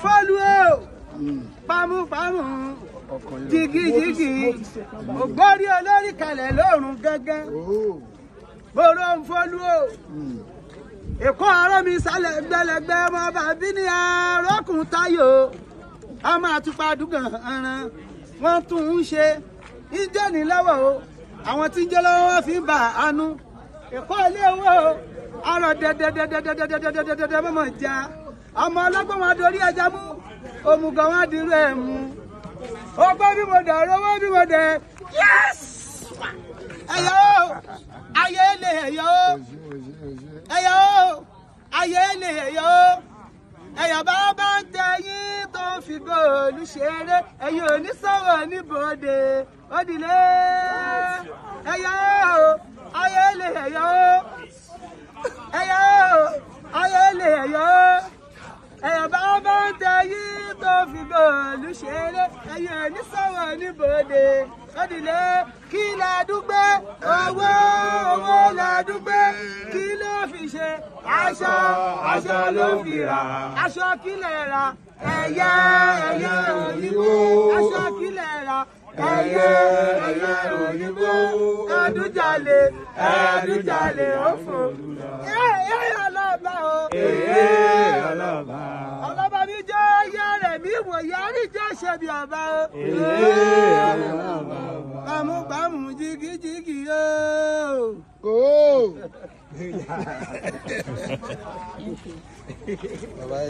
Follow, fọ́ọ̀lù o pamúpamù jìgìjìgì ògbórí olórí kalẹ̀ lóòrùn gángan bòrò ń follow. o èkó ọ̀rọ̀ mi sálẹ̀ gbẹlẹgbẹ ọmọ bàbí ni àrọ́kùn táyò ọmọ àtúpà dùgàn ẹran wọ́n tún ń ṣe ìjẹ́ nílọ́wọ́ o àwọn tí ń jẹ́ lọ́wọ́ wọn fi ń bà ánú èkó ilé owó arọ̀ dẹ́dẹ́dẹ́dẹ́dẹ́dẹ́dẹ́dẹ́dẹ́ mọ́mọ́ já ọmọ ọlọ́gbọ́n máa dorí ẹja mú òmùgọ̀ wọn dirú ẹ̀ mú ọgbọ́n bí mo dẹ̀ ọlọ́wọ́ bí mo dẹ̀ yẹ́s ẹ̀yọ́ ayé lè ẹ̀yọ́ ẹ̀yọ́ ayé lè ẹ̀yọ́ ẹ̀yàn bá bá ń tẹ yín tó ń fi góòlù ṣeré ẹ̀yìn oníṣòwò níbodè òdìlé ẹ̀yọ́ ayé lè ẹ̀yọ́. fi bọ́ọ̀lù ṣeré ẹ̀yìn ẹ̀ní sọ̀rọ̀ níbòde lọ́dìlẹ̀ kí la dúpẹ́ owó owó la dúpẹ́ kí ló fi ṣe aṣọ aṣọ ló fi rà aṣọ kílẹ̀ rà ẹ̀yẹ ẹ̀yẹ òyìnbó aṣọ kílẹ̀ rà ẹyẹ ẹyẹ òyìnbó ẹdújalè ẹdújalè ó fò. ẹ ẹ o. Buhari jẹ́ ṣẹ̀bi ọba o. Bàmúbàmù jìgìjìgì o. Kò. bye